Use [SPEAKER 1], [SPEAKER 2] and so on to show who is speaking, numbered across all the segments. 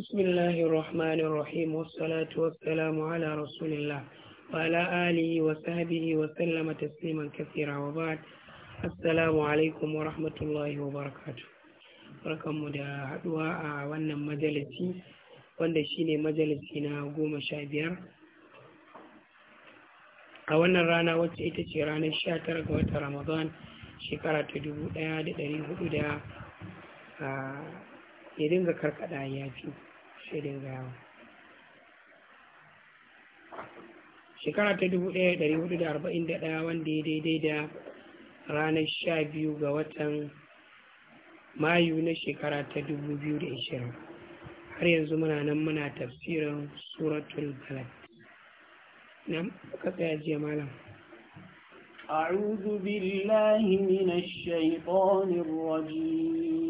[SPEAKER 1] بسم الله الرحمن الرحيم والصلاة والسلام على رسول الله وعلى آله وصحبه وسلم تسليما كثيرا وبعد السلام عليكم ورحمة الله وبركاته barkanmu da haduwa a wannan majalisi wanda shine majalisi na goma sha biyar a wannan rana wacce ita ce ranar sha tara ga watan ramadan shekara ta dubu ɗaya da ɗari hudu da ya dinga karkada ya fi shirin gawa shekara ta 1441 wanda ya daidai da ranar 12 ga watan mayu na shekara ta 2020 har yanzu muna nan muna tafsirin suratul balad nan ka tsaya jiya malam أعوذ بالله من الشيطان الرجيم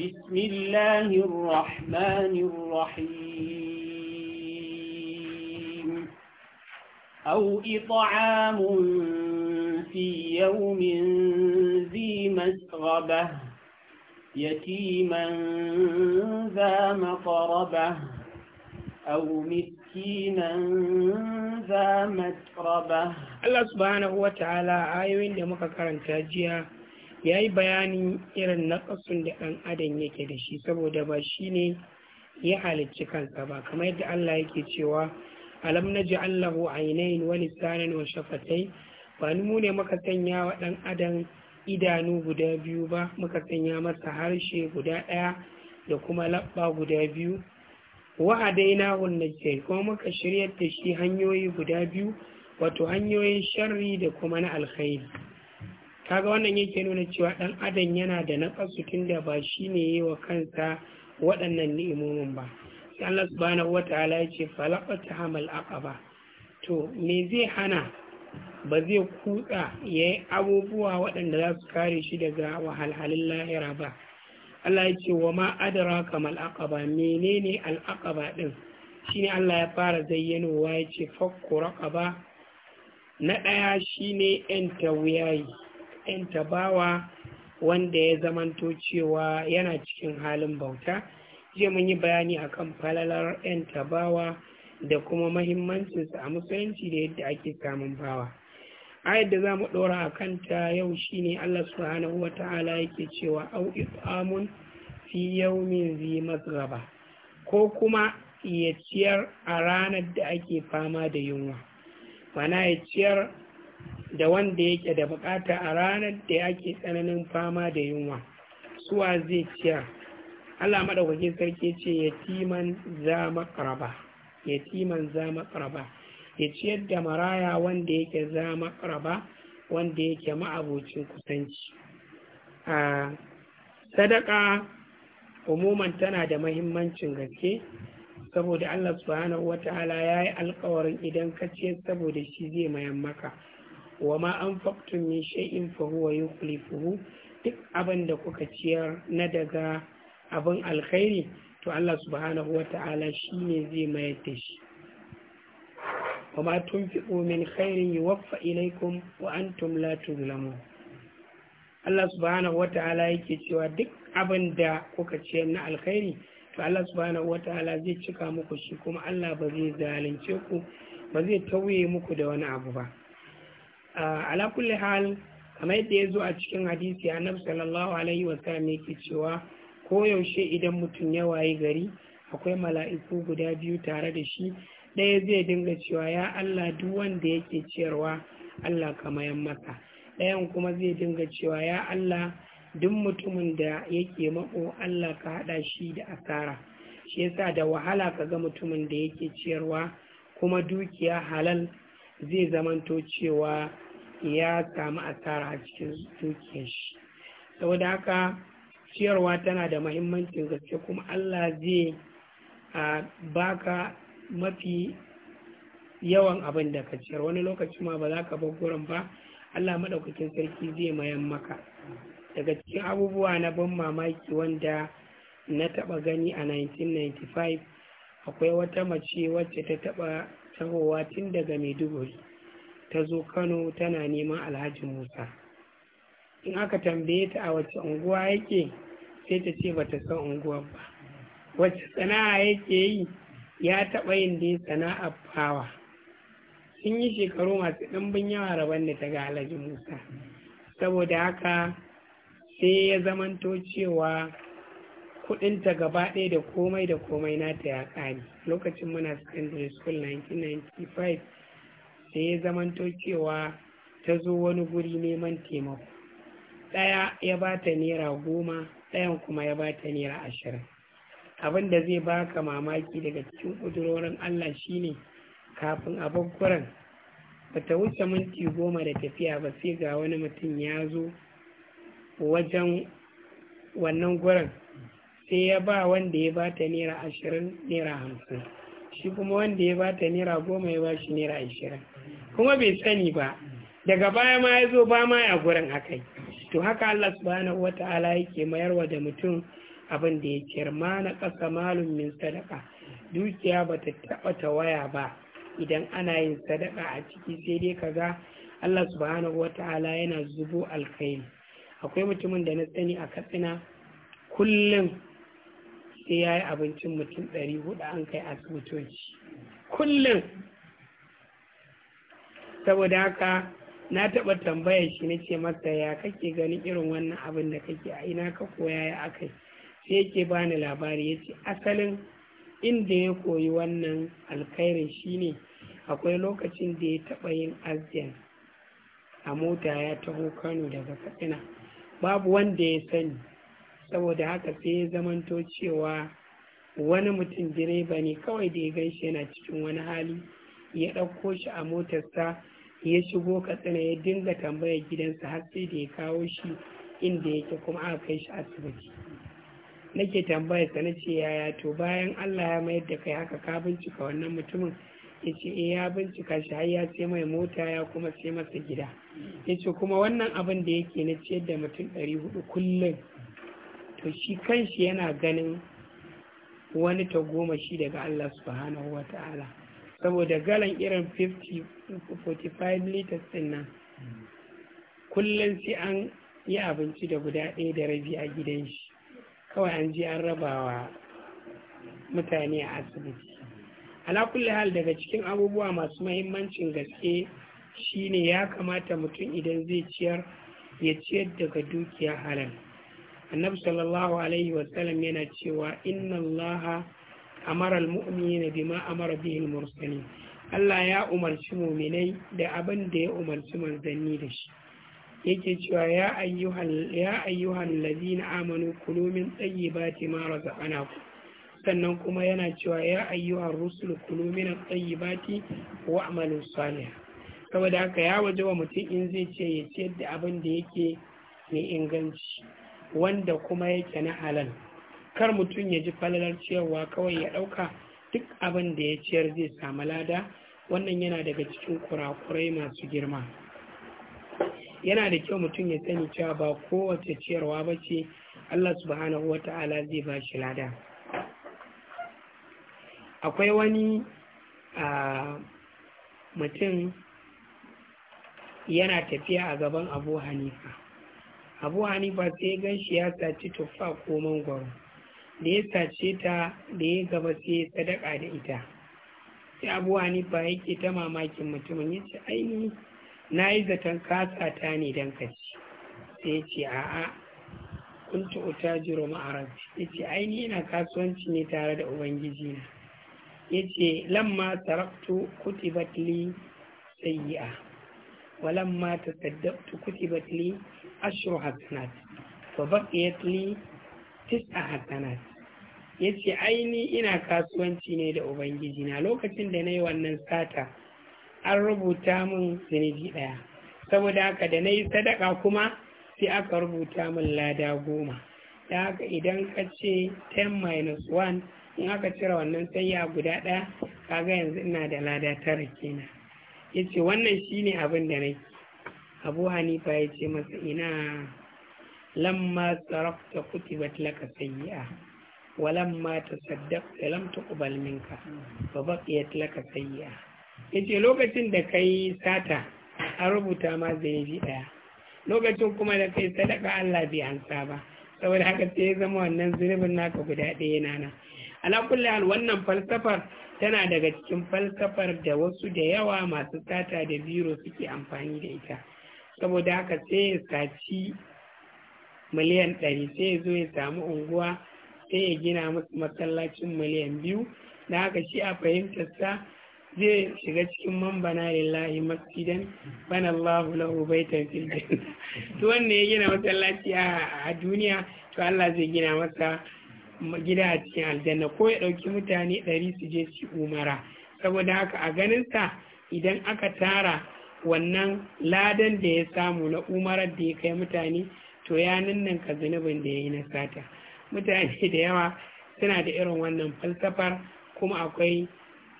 [SPEAKER 1] بسم الله الرحمن الرحيم أو إطعام في يوم ذي مسغبة يتيما ذا مقربة أو مسكينا ذا متربة الله سبحانه وتعالى آيوين دمك كرنتاجيا ya yi bayanin irin ƙasun da ɗan adam yake da shi saboda ba shi ne ya halicci kansa ba kamar yadda Allah yake cewa alam na ji Allahu ainihin wani lisanan wa shafatai ba ni mu ne muka sanya wa ɗan adam idanu guda biyu ba muka sanya masa harshe guda ɗaya da kuma labba guda biyu wa'adaina wannan kuma muka shiryar da shi hanyoyi guda biyu wato hanyoyin sharri da kuma na alkhairi kaga wannan yake nuna cewa ɗan adam yana da naƙasu tun da ba shi ne yi wa kansa waɗannan ni'imomin ba sai Allah subhanahu wataala ya ce falaqata hamal aqaba to me zai hana ba zai kutsa ya yi abubuwa waɗanda za su kare shi daga wahalhalin lahira ba Allah ya ce wa ma adraka mal aqaba menene al aqaba din shine Allah ya fara zayyanowa ya ce fakku raqaba na ɗaya shine 'yan tawuyayi matsayin tabawa wanda ya zamanto cewa yana cikin halin bauta jiya mun yi bayani akan falalar ƴan tabawa da kuma mahimmancinsu a musulunci da yadda ake samun bawa ayar da za mu ɗora a kanta yau shi ne allah subhanahu wa ta'ala yake cewa au amun fi yaumin zi masgaba ko kuma ya ciyar a ranar da ake fama da yunwa mana ya ciyar da wanda yake da bukata a ranar da yake tsananin fama da yunwa suwa zai ciyar Allah madaukakin sarki ce yatiman za makaraba yatiman za makaraba ya ciyar da maraya wanda yake za makaraba wanda yake ma'abocin kusanci a sadaka umuman tana da mahimmancin gaske saboda Allah subhanahu wata'ala ya yi alkawarin idan ka ce saboda shi zai mayan maka wa ma an anfaqtum min shay'in fa huwa yukhlifuhu duk abin da kuka ciyar na daga abin alkhairi to Allah subhanahu wata'ala shine zai mayar da shi wa ma tunfiqu min khairin yuwaffa ilaykum wa antum la tuzlamun Allah subhanahu wata'ala yake cewa duk abin da kuka ciyar na alkhairi to Allah subhanahu wata'ala zai cika muku shi kuma Allah ba zai zalunce ku ba zai tauye muku da wani abu ba Ah, ala kulli hal kamar yadda ya zo a cikin hadisi annabi sallallahu alaihi wa ya yake cewa koyaushe idan mutum ya waye gari akwai mala'iku guda biyu tare da shi ɗaya zai dinga cewa ya Allah duk wanda yake ciyarwa Allah ka mayan masa ɗayan kuma zai dinga cewa ya Allah duk mutumin da yake mako Allah ka haɗa shi da asara shi yasa da wahala ka ga mutumin da yake ciyarwa kuma dukiya halal zai zamanto cewa ya samu asara a cikin dukiyar shi saboda haka ciyarwa tana da mahimmancin gaske kuma Allah zai baka mafi yawan abin da ka ciyar wani lokaci ma ba za ka bar gurin ba Allah maɗaukakin sarki zai mayan maka daga cikin abubuwa na ban mamaki wanda na taɓa gani a 1995 akwai wata mace wacce ta taɓa tahowa tun daga maiduguri ta zo kano tana neman alhaji musa in aka tambaye ta a wace unguwa yake sai ta ce ba ta san unguwa ba wace sana'a yake yi ya taɓa yin dai sana'a fawa sun yi shekaru masu ɗimbin yawa rabon da ta ga alhaji musa saboda haka sai ya zamanto cewa ta gaba ɗaya da komai da komai na ta ya ƙare lokacin muna secondary school 1995 da ya zamanto cewa ta zo wani guri neman taimako ɗaya ya ba ta naira goma ɗayan kuma ya ba ta naira ashirin abin da zai baka mamaki daga cikin ƙudurorin allah shine kafin a ba ta wuce minti goma da tafiya ba sai ga wani mutum ya zo wajen wannan gurin sai ya ba wanda ya ba ta naira ashirin naira hamsin shi kuma wanda ya ba ta naira goma ya ba shi naira ashirin kuma bai sani ba daga baya ma ya zo ba ma a gurin akai to haka Allah subhanahu wata'ala yake mayar wa da mutum abin da ya kirma na ƙasa malum min sadaka dukiya ba ta taɓa ta waya ba idan ana yin sadaka a ciki sai dai ka ga. Allah subhanahu wata'ala yana zubo alkhairi akwai mutumin da na sani a katsina kullum sai ya yi abincin mutum ɗari hudu an kai asibitoci kullum saboda haka na taɓa tambayar shi na ce masa ya kake ganin irin wannan abin da kake a ina ka koya ya akai sai yake bani labari ya ce asalin inda ya koyi wannan alkhairin shine akwai lokacin da ya taɓa yin asiyan a mota ya taho kano daga katsina babu wanda ya sani saboda haka sai ya zamanto cewa wani mutum direba ne kawai da ya shi yana cikin wani hali ya ɗauko shi a motarsa ya shigo katsina ya dinga tambayar gidansa har sai da ya kawo shi inda yake kuma aka kai shi asibiti nake tambayar sa na ce yaya to bayan Allah ya mayar da kai haka ka bincika wannan mutumin ya ce eh ya bincika shi har ya ce mai mota ya kuma sai masa gida ya ce kuma wannan abin da yake na ciyar da mutum ɗari hudu kullum to shi kanshi yana ganin wani ta goma tagomashi daga Allah subhanahu wa ta'ala saboda galan irin 45 liters din nan kullum sai an yi abinci da guda ɗaya da rabi a gidan shi kawai an ji an raba wa mutane a asibiti ala kulli hal daga cikin abubuwa masu mahimmancin gaske shine ya kamata mutum idan zai ciyar ya ciyar daga dukiya halal annabi sallallahu alaihi wasallam yana cewa inna Allah amara almu'minina bima amara bihi almursalin Allah ya umarci muminai da abin da ya umarci manzanni da shi yake cewa ya ayyuhal ya ayyuhal ladina amanu kulu min tayyibati ma razaqnakum sannan kuma yana cewa ya ayyuhar rusul kulu min tayyibati wa amalu salih saboda haka ya waje wa mutum in zai ce ya ciyar da abin da yake mai inganci wanda kuma yake na halal kar mutum ya ji falalar ciyarwa kawai ya ɗauka duk abin da ya ciyar zai samu lada wannan yana daga cikin kurakurai masu girma yana da kyau mutum ya sani cewa ba kowace ciyarwa ba ce allah subhanahu wa ta'ala zai ba shi lada akwai wani mutum yana tafiya a gaban abu hanifa abu hanifa sai gan shi ya saci tuffa ko mangwaro da ya sace ta da ya gaba sai ya sadaka da ita sai abu hanifa yake ta mamakin mutumin ya ce aini na yi zaton kasa ta ne don kaci sai ya ce a'a uta jiro ma'arabi ya ce aini yana kasuwanci ne tare da ubangiji na ya ce lamma sarabtu kutibatli sayi'a ولما تصدقت كتبت لي عشر حسنات فبقيت لي تسع حسنات yace aini ina kasuwanci ne da ubangiji na lokacin da na yi wannan sata an rubuta min zunubi ɗaya saboda haka da na yi sadaka kuma sai aka rubuta min lada goma da haka idan ka ce 10 minus 1 in aka cire wannan sayya guda ɗaya kaga yanzu ina da lada tara kenan ya ce wannan shi ne abin da nai abu hanifa ya ce masa ina lamma tsarafta kutibat laka sayyi'a walamma tasaddaqta lam tuqbal minka fa baqiyat laka sayyi'a yace lokacin da kai sata a rubuta ma zai bi daya lokacin kuma da kai sadaka Allah bai ansa ba saboda haka sai ya zama wannan zunubin naka guda ɗaya nana ala kulli hal wannan falsafar tana daga cikin falsafar da wasu da yawa masu sata da biro suke amfani da ita saboda haka sai ya saci miliyan ɗari sai ya zo ya samu unguwa sai ya gina musu masallacin miliyan biyu da haka shi a fahimtarsa zai shiga cikin mambana lillahi masjidan bana Allahu lahu baitan to wanda ya gina masallaci a duniya to Allah zai gina masa gida a cikin aljanna ko ya ɗauki mutane ɗari su je su umara saboda haka a ganinsa idan aka tara wannan ladan da ya samu na umarar da ya kai mutane to ya nan ka zunubin da ya yi na sata mutane da yawa suna da irin wannan falsafar kuma akwai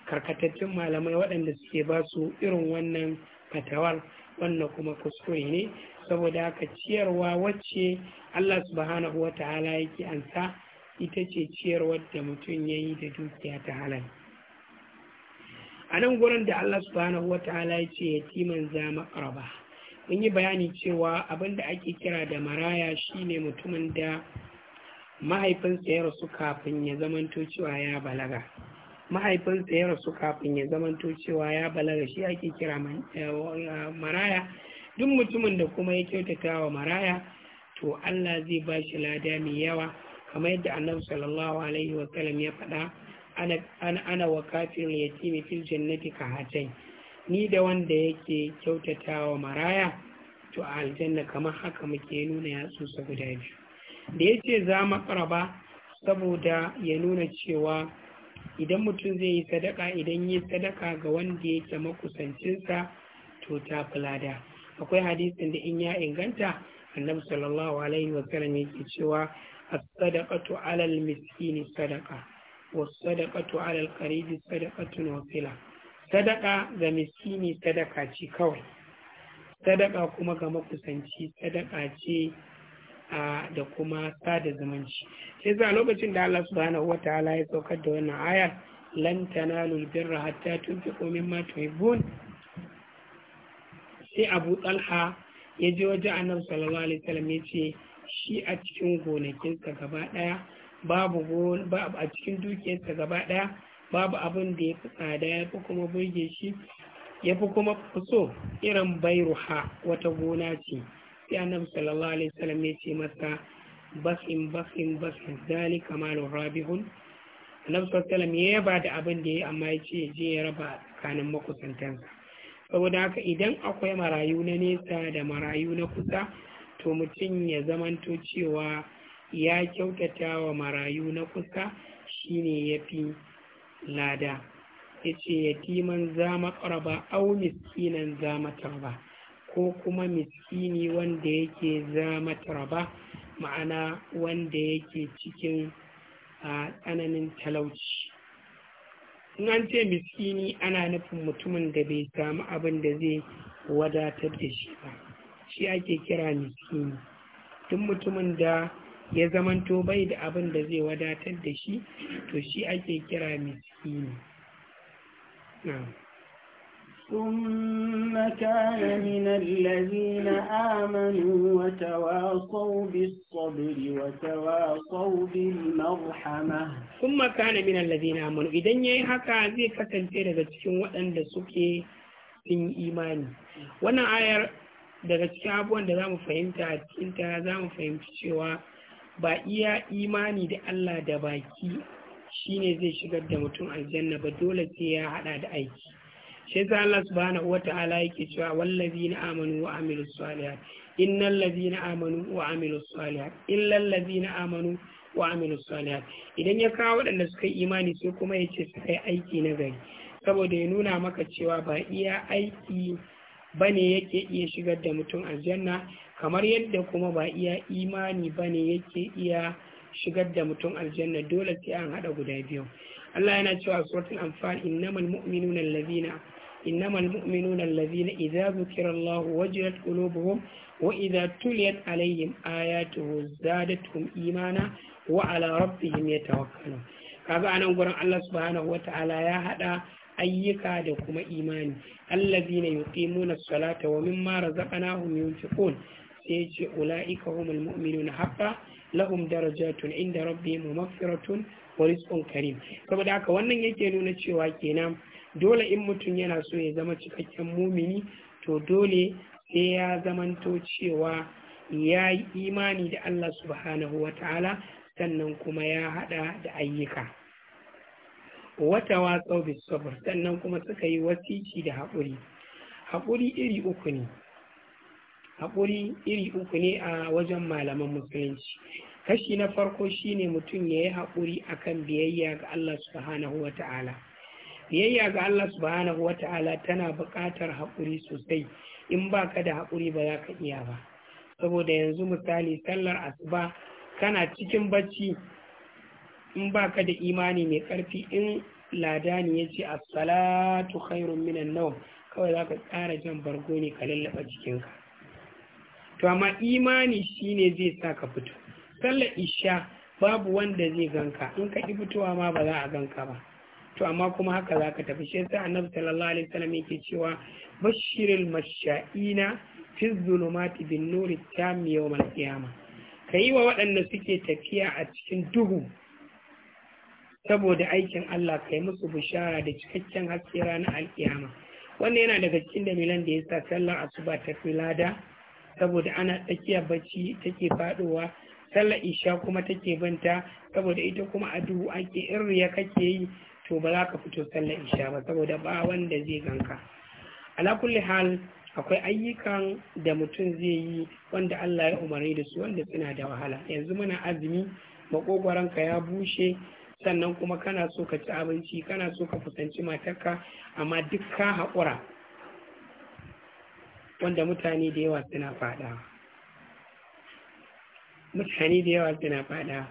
[SPEAKER 1] karkatattun malamai waɗanda suke ba su irin wannan fatawar wannan kuma kuskure ne saboda haka ciyarwa wacce Allah subhanahu wa ta'ala yake ansa ita ce ciyar da mutum ya yi da dukiya ta halal a nan gurin da Allah subhanahu wa ta'ala ya ce yatiman za mun yi bayani cewa abin da ake kira da maraya shine mutumin da mahaifinsa ya rasu kafin ya zamanto cewa ya balaga mahaifinsa ya rasu kafin ya zamanto cewa ya balaga shi ake kira eh, maraya duk mutumin da kuma ya kyautata wa maraya to Allah zai ba shi lada mai yawa kamar yadda annabi sallallahu alaihi wa sallam ya faɗa ana ana wa kafir yatimi fil jannati ka hatai ni da wanda yake kyautatawa maraya to a aljanna kamar haka muke nuna yatsunsa guda biyu da yace za mu karaba saboda ya nuna cewa idan mutum zai yi sadaka idan yi sadaka ga wanda yake makusancinsa to ta fulada akwai hadisin da in ya inganta annabi sallallahu alaihi wa sallam yake cewa الصدقة على المسكين صدقة والصدقة على القريب صدقة وصلة صدقة ذا مسكين صدقة كوي صدقة كما كما كسنشي صدقة da kuma sada zumunci sai za lokacin da Allah subhanahu wa ta'ala ya saukar da wannan aya lan tanalu birra hatta tunfiqu mimma tuhibbun sai Abu Talha ya je wajen Annabi sallallahu alaihi wasallam ya ce shi a cikin gonakinsa gaba ɗaya babu a cikin dukiyarsa gaba ɗaya babu abin da ya fi tsada ya fi kuma burge shi ya fi kuma so irin ha wata gona ce sai annabi sallallahu alaihi ya ce masa basin basin basin zali kamalu rabihun annabi sallallahu alaihi ya yaba da abin da ya amma ya ce je ya raba tsakanin makusantansa saboda haka idan akwai marayu na nesa da marayu na kusa to mutum ya zamanto cewa ya kyautata wa marayu na kusa shine ya fi lada ya ce yatiman za maƙaraba au miskinan za matarba ko kuma miskini wanda yake za matarba ma'ana wanda yake cikin tsananin talauci in an ce miskini ana nufin mutumin da bai samu abin da zai wadatar da shi ba shi ake kira miskini tun mutumin da ya zamanto bai da abin da zai wadatar da shi to shi ake kira miskini ثم كان من الذين آمنوا وتواصوا بالصبر وتواصوا بالمرحمة ثم كان من Idan ya yi haka zai kasance daga cikin waɗanda suke sun imani wannan ayar daga cikin abubuwan da za mu fahimta a cikinta za mu fahimci cewa ba iya imani da Allah da baki shine zai shigar da mutum aljanna ba dole sai ya hada da aiki shi yasa Allah subhanahu wata'ala yake cewa wallazina amanu wa amilu salihat innal ladzina amanu wa amilu salihat illal ladzina amanu wa amilu salihat idan ya kawo waɗanda suka yi imani sai kuma ya ce suka yi aiki na gari saboda ya nuna maka cewa ba iya aiki bane yake iya shigar da mutum aljanna kamar yadda kuma ba iya imani bane yake iya shigar da mutum aljanna dole sai an hada guda biyu Allah yana cewa suratul anfal innamal mu'minuna allazina innamal mu'minuna allazina idza dhukira Allah wajilat qulubuhum wa idza tuliyat alaihim ayatuhu zadatuhum imana wa ala rabbihim yatawakkalun kaga anan gurin Allah subhanahu wataala ya hada ayyuka da kuma imani allazina yuqimuna as-salata wa mimma razaqnahum yunfiqun sai ya ce ula'ika humul mu'minun haqqa lahum darajatun inda rabbihim wa maghfiratun wa rizqun karim saboda haka wannan yake nuna cewa kenan dole in mutum yana so ya zama cikakken mumini to dole sai ya zamanto cewa ya yi imani da Allah subhanahu wa ta'ala sannan kuma ya haɗa da ayyuka wata wa bis sabr sannan kuma suka yi wasici da haƙuri haƙuri iri uku ne haƙuri iri uku ne a wajen malaman musulunci kashi na farko shine mutum ya yi haƙuri akan biyayya ga Allah subhanahu wa ta'ala biyayya ga Allah subhanahu wa ta'ala tana buƙatar haƙuri sosai in ba ka da haƙuri ba za ka iya ba saboda yanzu misali sallar asuba kana cikin bacci in ba ka da imani mai ƙarfi in ladani ya ce assalatu khairun minan nau kawai za ka tsara jan bargo ne ka lallaba jikinka to amma imani shine zai sa ka fito sallar isha babu wanda zai ganka in ka ki fitowa ma ba za a ganka ba to amma kuma haka za ka tafi shi sai annabi sallallahu alaihi wasallam yake cewa bashiril masha'ina fi dhulumati bin nuri tam yawm al-qiyamah kai wa waɗanda suke tafiya a cikin duhu saboda aikin Allah kai musu bishara da cikakken haske ranar alkiyama wannan yana daga cikin dalilan da ya sa sallar asuba ta lada saboda ana tsakiyar bacci take faɗowa sallar isha kuma take banta saboda ita kuma a duhu ake irriya kake yi to ba za ka fito sallar isha ba saboda ba wanda zai ganka ala kulli hal akwai ayyukan da mutum zai yi wanda Allah ya umarni da su wanda suna da wahala yanzu muna azumi makogwaranka ya bushe sannan kuma kana so ka ci abinci kana so ka kusanci matarka amma duk ka haƙura wanda mutane da yawa suna faɗa mutane da yawa suna faɗa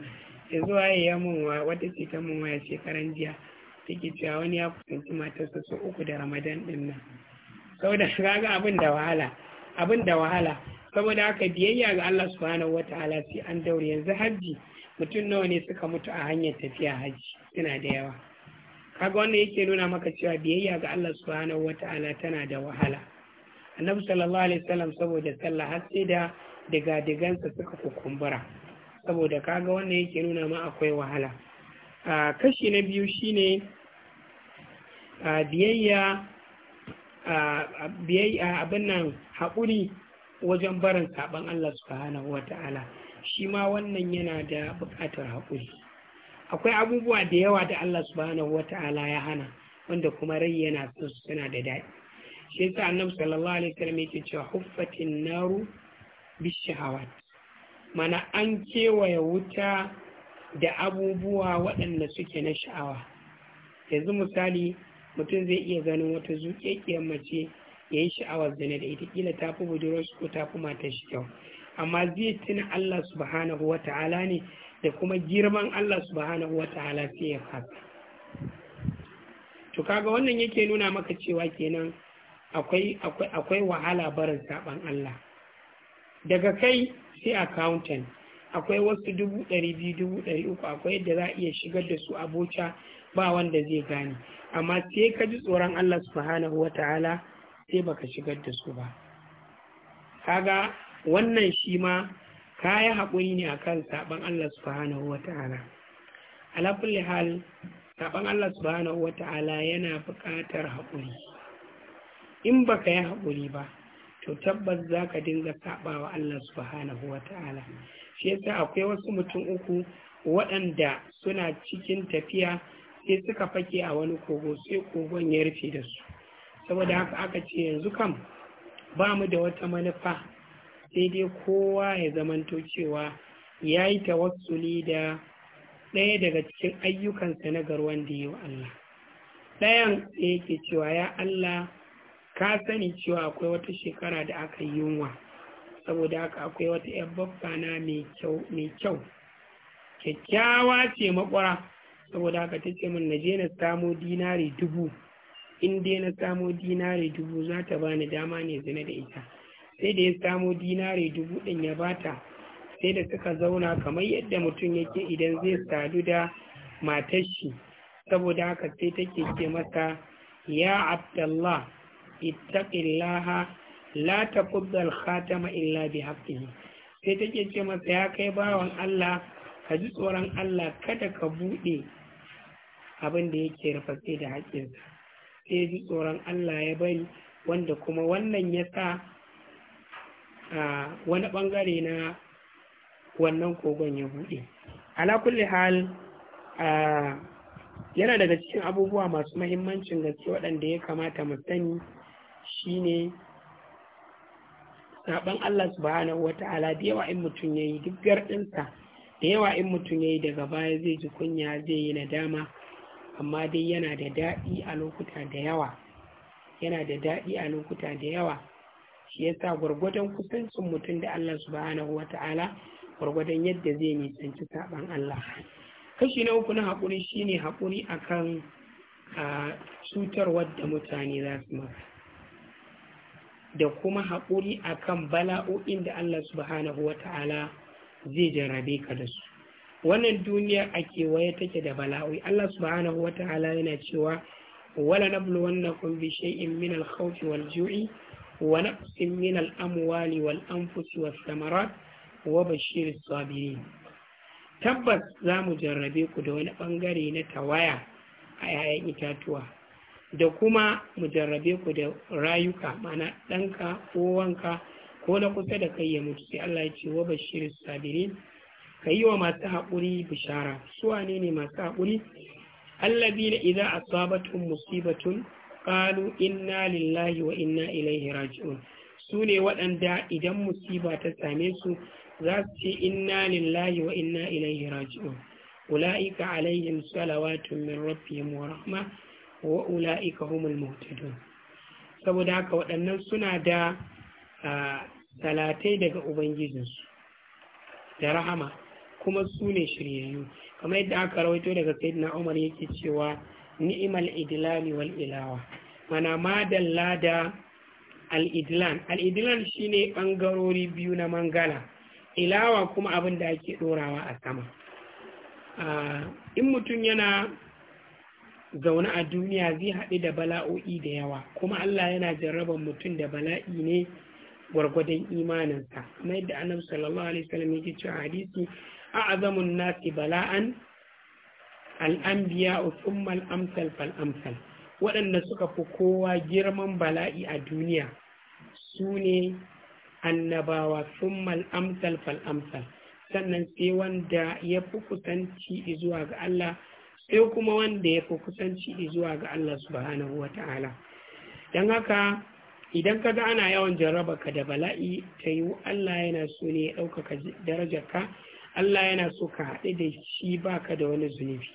[SPEAKER 1] yanzu waye ya mun wa wata ce ta mun waya shekaran jiya Ta ke cewa wani ya kusanci matarsa su uku da ramadan din nan saboda ga abin da wahala abin da wahala saboda haka biyayya ga Allah subhanahu ta'ala sai an daure yanzu hajji mutum nawa ne suka mutu a hanyar tafiya hajji suna da yawa kaga wanda yake nuna maka cewa biyayya ga Allah subhanahu wata'ala tana da wahala annabi sallallahu alaihi wasallam saboda sallah har sai da diga digansa suka kukumbura saboda kaga wanda yake nuna ma akwai wahala a kashi na biyu shine a biyayya a biyayya abin nan haƙuri wajen barin saban Allah subhanahu wata'ala shi ma wannan yana da buƙatar haƙuri akwai abubuwa da yawa da Allah subhanahu Ta'ala ya hana wanda kuma rai yana son suna da daɗi shi yasa annabi sallallahu alaihi wasallam yake cewa huffatin naru bishahawat mana an kewaye wuta da abubuwa waɗanda suke na sha'awa yanzu misali mutum zai iya ganin wata zuƙeƙiyar mace ya yi sha'awar zane da ita kila ta fi budurarsu ko ta fi matar shi kyau amma zai tuna Allah subhanahu wa ta'ala ne da kuma girman Allah subhanahu wa ta'ala sai ya fasa to kaga wannan yake nuna maka cewa kenan akwai akwai wahala barin saban Allah daga kai sai accountant akwai wasu dubu ɗari biyu dubu ɗari uku akwai yadda za a iya shigar da su abota ba wanda zai gane amma sai ka ji tsoron Allah subhanahu wa ta'ala sai baka shigar da su ba kaga wannan shi ma ka yi haƙuri ne a kan saɓan Allah subhanahu wa ta'ala Alafin lihal, Allah subhanahu wa ta'ala yana buƙatar haƙuri in ba ka yi haƙuri ba to tabbas za ka dinga saɓa wa Allah subhanahu wa ta'ala shi yasa akwai wasu mutum uku waɗanda suna cikin tafiya sai suka fake a wani kogo sai kogon ya rufe da su saboda haka aka ce yanzu kam ba mu da wata manufa sai dai kowa ya zamanto cewa ya yi tawassuli da ɗaya daga cikin ayyukansa na garwan da yi wa Allah ɗayan sai yake cewa ya Allah ka sani cewa akwai wata shekara da aka yi yunwa saboda haka akwai wata 'yan na mai kyau kyakkyawa ce makwara saboda haka ta ce min na je na samo dinari dubu in dai na samo dinari dubu za ta bani dama ne zina da ita sai da ya samo dinari dubu ɗin ya bata sai da suka zauna kamar yadda mutum yake idan zai sadu da matashi saboda haka sai take ce masa ya abdallah ittaqillaha la taquddal khatama illa bi haqqihi sai take ce masa ya kai bawan Allah ka ji tsoron Allah kada ka buɗe abin da yake rufatse da haƙƙinsa sai ji tsoron Allah ya bari wanda kuma wannan ya sa wani ɓangare na wannan kogon ya buɗe ala kulli hal yana daga cikin abubuwa masu mahimmancin gaske waɗanda ya kamata mu sani shine saban Allah subhanahu wata'ala da yawa in mutum yayi duk ɗinsa, da yawa in mutum yayi daga baya zai ji kunya zai yi nadama amma dai yana da daɗi a lokuta da yawa yana da daɗi a lokuta da yawa shi yasa gwargwadon kusancin mutum da Allah subhanahu wa ta'ala gwargwadon yadda zai nisanci saɓan Allah kashi na uku na haƙuri shine haƙuri akan cutar wadda mutane za su maka da kuma haƙuri akan bala'o'in da Allah subhanahu wa ta'ala zai jarrabe ka da su wannan duniya a kewaye take da bala'o'i Allah subhanahu wa ta'ala yana cewa wala nabluwannakum bi shay'in min al-khawfi wal-ju'i ونقص من الأموال والأنفس والثمرات وبشر الصابرين tabbas za mu jarrabe ku da wani ɓangare na tawaya a 'ya'yan itatuwa da kuma mu jarrabe ku da rayuka mana ɗanka ko wanka ko na kusa da kai ya mutu sai Allah ya ce wa bashir sabirin ka yi wa masu haƙuri bishara su wane ne masu haƙuri allazi na idza asabatun musibatun qalu inna lillahi wa inna ilaihi raji'un su waɗanda idan musiba ta same su za su ce inna lillahi wa inna ilaihi raji'un ula'ika alaihim salawatun min rabbihim wa rahma wa ula'ika humul muhtadun saboda haka waɗannan suna da salatai daga ubangijinsu da rahama kuma su ne shiryayyu kamar yadda aka rawaito daga sayyidina umar yake cewa ni'imal idlani wal ilawa mana madalla da al-idlan al-idlan shine bangarori biyu na mangala ilawa kuma abin da ake dorawa a sama in mutum yana zaune a duniya zai haɗu da bala'o'i da yawa kuma Allah yana jarraban mutum da bala'i ne gwargwadon imaninsa kuma yadda annabi sallallahu alaihi wasallam yake cewa hadisi a azamun nasi bala'an al'ambiya usummal amsal fal amsal waɗanda suka fi kowa girman bala'i a duniya su ne annabawa summal amsal fal amsal sannan sai wanda ya fi kusanci zuwa ga Allah sai kuma wanda ya fi kusanci zuwa ga Allah subhanahu wa ta'ala don haka idan ka ga ana yawan jaraba ka da bala'i ta yi Allah yana so ne ya ɗaukaka darajarka Allah yana so ka haɗe da shi baka da wani zunubi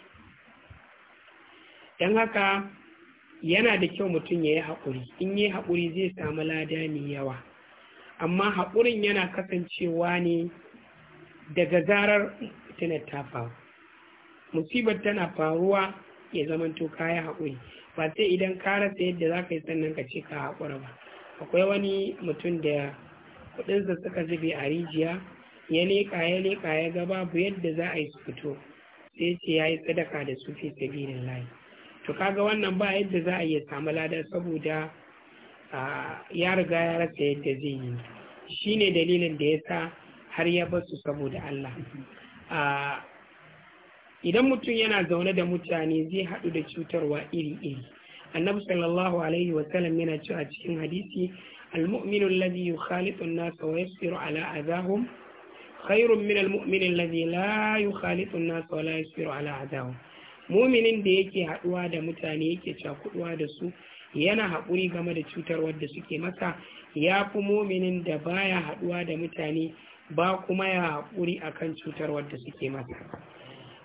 [SPEAKER 1] don haka yana da kyau mutum ya yi haƙuri in yi haƙuri zai samu lada mai yawa amma haƙurin yana kasancewa ne daga zarar fitinar ta faru musibar tana faruwa ya zamanto kaya haƙuri ba sai idan ka rasa yadda za ka yi sannan ka ce ka haƙura ba akwai wani mutum da kuɗinsa suka zube a rijiya ya leƙa ya leƙa ya ga babu yadda za a yi su fito sai ce ya yi sadaka da su fi layi to kaga wannan ba yadda za a iya samu lada saboda ya riga ya rasa yadda zai yi Shi ne dalilin da ya sa har ya basu saboda Allah idan mutum yana zaune da mutane zai haɗu da cutarwa iri-iri annabi sallallahu alaihi wasallam yana cewa cikin hadisi المؤمن الذي يخالط الناس ويصبر على أذاهم خير من المؤمن الذي لا يخالط الناس ولا يصبر على أذاهم muminin da yake haɗuwa da mutane yake cakuɗuwa da su yana haƙuri game da cutar wadda suke masa ya fi muminin da baya haɗuwa da mutane ba kuma ya haƙuri a kan cutar wadda suke masa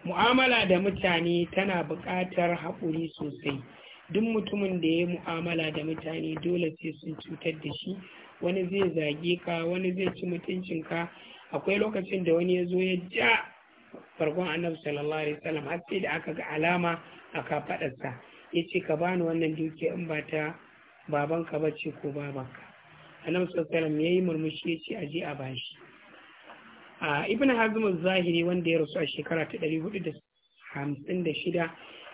[SPEAKER 1] mu'amala da mutane tana buƙatar haƙuri sosai duk mutumin da ya mu'amala da mutane dole sai sun cutar da shi wani zai zage ka wani zai ci mutuncinka akwai lokacin da wani ya zo ya ja farkon annabi sallallahu alaihi wasallam har sai da aka ga alama a kafadarsa yace ka bani wannan dukiya in ba ta babanka bace ko babanka annabi sallallahu alaihi wasallam yayi murmushi yace aje a bashi a ibn hazm zahiri wanda ya rasu a shekara ta 456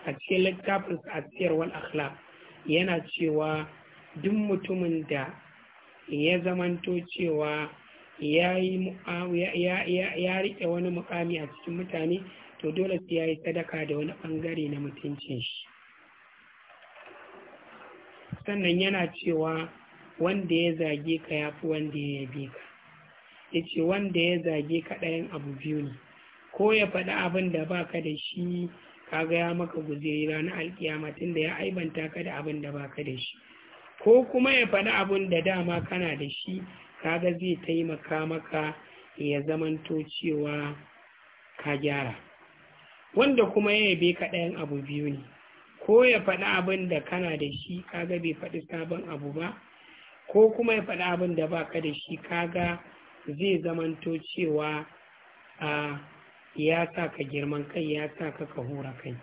[SPEAKER 1] a cikin littafin a wal akhlaq yana cewa duk mutumin da ya zamanto cewa ya yi ya riƙe wani mukami a cikin mutane to dole sai ya yi sadaka da wani bangare na mutuncin shi sannan yana cewa wanda ya zage ka ya fi wanda ya yabe ka ya ce wanda ya zage ka ɗayan abu biyu ne ko ya faɗi abin da ba ka da shi kaga ya maka guziri ranar alkiyama tunda ya aibanta ka da abin da ba da shi ko kuma ya faɗi abin da dama kana da shi kaga zai taimaka maka ya zamanto cewa ka gyara wanda kuma ya yabe ka ɗayan abu biyu ne ko ya faɗi abin da kana da shi kaga bai faɗi sabon abu ba ko kuma ya faɗi abin da baka da shi kaga zai zamanto cewa a ya sa ka girman kai ya sa ka ka hura kai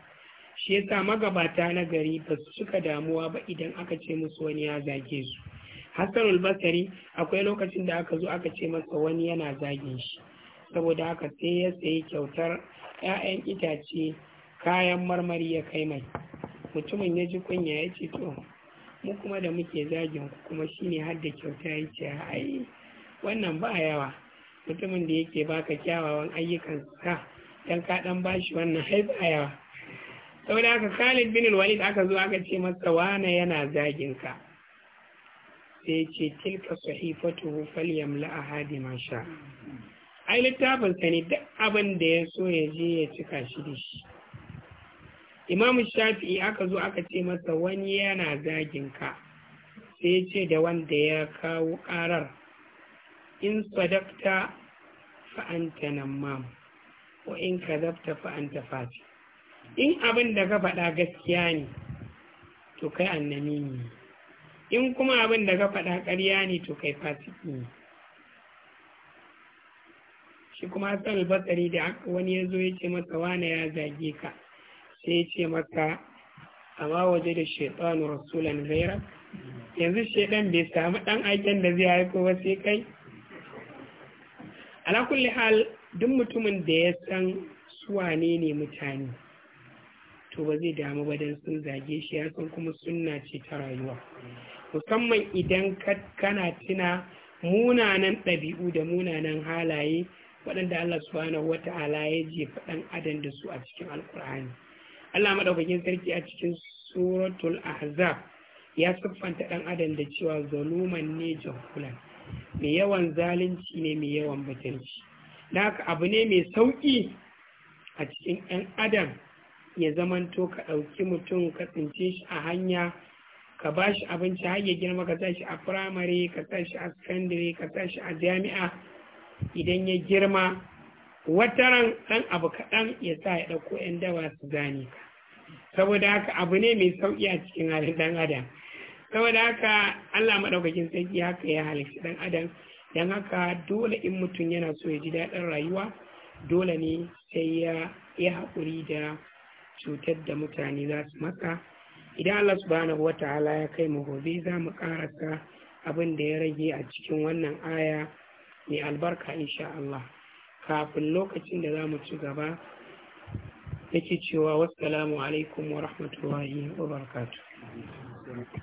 [SPEAKER 1] shi yasa magabata na gari ba su cika damuwa ba idan aka ce musu wani ya zage su hassan basari akwai lokacin da aka zo aka ce masa wani yana zagin shi saboda haka sai ya sayi kyautar 'ya'yan itace kayan marmari ya kai mai mutumin ya ji kunya ya ce to mu kuma da muke zagin ku kuma shine har da kyauta ya ce ai wannan ba yawa mutumin da yake baka kyawawan ayyukan sa dan ka dan bashi wannan ai ba yawa saboda haka Khalid bin Walid aka zo aka ce masa wane yana zagin ka sai ce tilka sahifatu fal yamla ahadi ma sha ai littafin sa ne duk abin da ya so ya je ya cika shi da shi imamu shafi'i aka zo aka ce masa wani yana zagin ka sai ce da wanda ya kawo karar in sadakta fa'anta nan mamu wa in kazabta fa'anta fati in abin da ka faɗa gaskiya ne to kai annami ne in kuma abin da ka faɗa ƙarya ne to kai fasiki shi kuma Hassan albasari da wani ya zo ya ce masa wane ya zage ka sai ya ce maka amma waje da shaitanu rasulan gaira yanzu shaitan bai samu ɗan aiken da zai haiko ba sai kai ala hal duk mutumin da ya san suwane ne mutane to ba zai damu ba don sun zage shi ya san kuma sunna ce ta rayuwa musamman idan kana tuna munanan ɗabi'u da munanan halaye waɗanda Allah subhanahu wa ta'ala ya jefa ɗan adam da su a cikin alkur'ani Allah maɗaukakin sarki a cikin suratul ahzab ya siffanta ɗan adam da cewa zaluman ne jahulan mai yawan zalunci ne mai yawan batanci Na haka abu ne mai sauƙi a cikin ɗan adam ya zamanto ka ɗauki mutum ka tsince shi a hanya ka ba shi abinci har ya girma ka tashi a firamare ka tashi a sakandare ka tashi a jami'a idan ya girma wataran ɗan abu kaɗan ya sa ya ɗauko 'yan dawa su gane ka saboda haka abu ne mai sauƙi a cikin halin ɗan adam saboda haka allah maɗaukakin sarki haka ya halarci ɗan adam don haka dole in mutum yana so ya ji daɗin rayuwa dole ne sai ya yi haƙuri da cutar da mutane za su maka idan Allah subhanahu wata'ala ya kai mu gobe za mu karasa abin da ya rage a cikin wannan aya mai albarka insha Allah kafin lokacin da za mu ci gaba yake cewa wasu alaikum wa rahmatullahi wa barakatuh